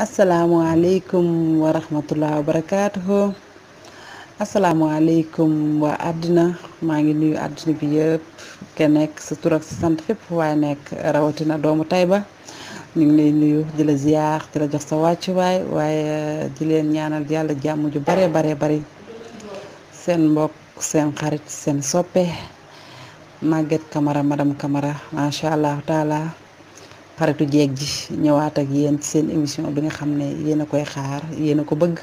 asalaamualeykum wa rahmatullah wa barakaatuhu asalaamualeykum waa àddina maa ngi nuyu àddina bi yëpp ke nekk sa tur sa sant fépp waaye nekk rawatina doomu Tayba ñu ngi lay nuyu di la ziar jox sa wàccuwaay waaye eh, di leen ñaanal yàlla jàmm ju bare bare bari seen mbokk seen xarit seen soppe Maguette Camara madame kamara macha allah taala xaritu jeeg ji ñëwaat ak yéen seen émission bi nga xam ne yéen a koy xaar yéen a ko bëgg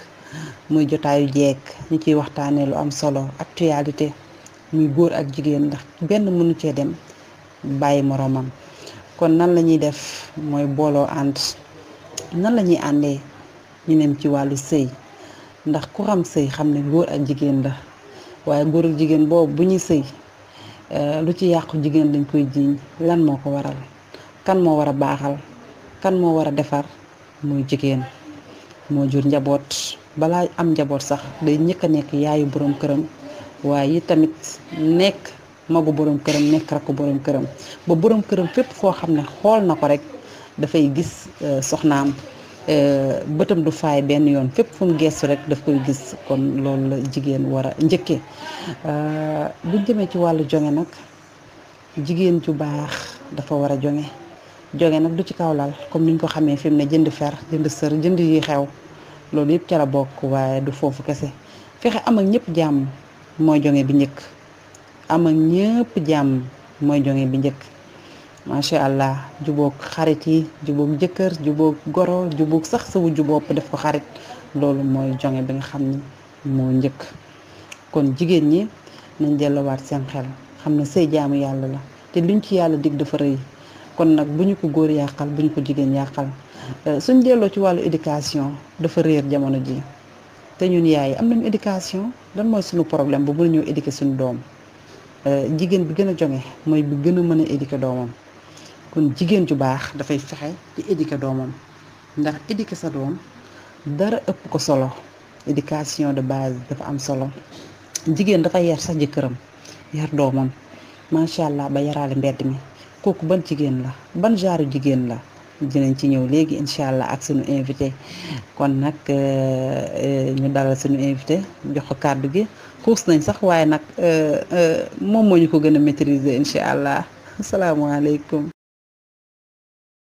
muy jotaayu jeeg ñu ciy waxtaanee lu am solo actualité muy góor ak jigéen ndax benn mënu cee dem bàyyi moroomam kon nan lañuy def mooy booloo ànd nan la ñuy àndee ñu nem ci wàllu sëy ndax ku xam sëy xam ne góor ak jigéen la waaye góor ak jigéen boobu bu ñuy sëy eh, lu ci yàqu jigéen lañ koy jiiñ lan moo ko waral kan moo war a baaxal kan moo war a defar muy jigéen moo jur njaboot balaa am njaboot sax day ñëkk a nekk yaayu boroom këram waaye tamit nekk magu boroom këram nekk rakku borom këram ba boroom këram fépp foo xam ne xool na ko rek dafay gis euh, soxnaam euh, bëtam du faay benn yoon fépp fu mu geestu rek daf koy gis kon loolu la jigéen war a njëkkee euh, buñ jëmee ci wàllu jonge nag jigéen ju baax dafa war a jonge joge nag du ci kaw lal comme ñu ko xamee fi mu ne jënd fer jënd sër jënd yi xew loolu yëpp ca la bokk waaye du foofu kese fexe am ak ñëpp jàmm mooy joŋe bi njëkk am ak jàmm mooy joŋe bi njëkk macha allah jubóog xarit yi jubóog jëkkër jubóog goro jubóog sax sawu jubóob def ko xarit loolu mooy joŋe bi nga xam ni moo njëkk kon jigéen ñi nañ delluwaat seen xel xam na say jaamu yàlla la te luñ ci yàlla dig dafa rëy kon nag bu ñu ko góor yàqal bu ñu ko jigéen yàqal euh, suñ delloo ci wàllu éducation dafa réer jamono ji te ñun yaay am nañu éducation dan mooy suñu problème bu mën ñëw éduquer suñu doom euh, jigéen bi gën a jonge mooy bi gën a mën a éduquer doomam kon jigéen ju baax dafay fexe di éduquer doomam ndax éduquer sa doom dara ëpp ko solo éducation de base dafa am solo jigéen dafa yar sax jëkkëram yar doomam macha allah ba yaraale mbedd mi kooku ban jigéen la ban genre jigéen la dinañ ci ñëw léegi incha allah ak suñu invité kon nag euh, euh, ñu dalal suñu invité jox ko kàddu gi xuus nañ sax waaye nag euh, moom mooñu ko gën a maîtriser incha allah asalaamaaleykum.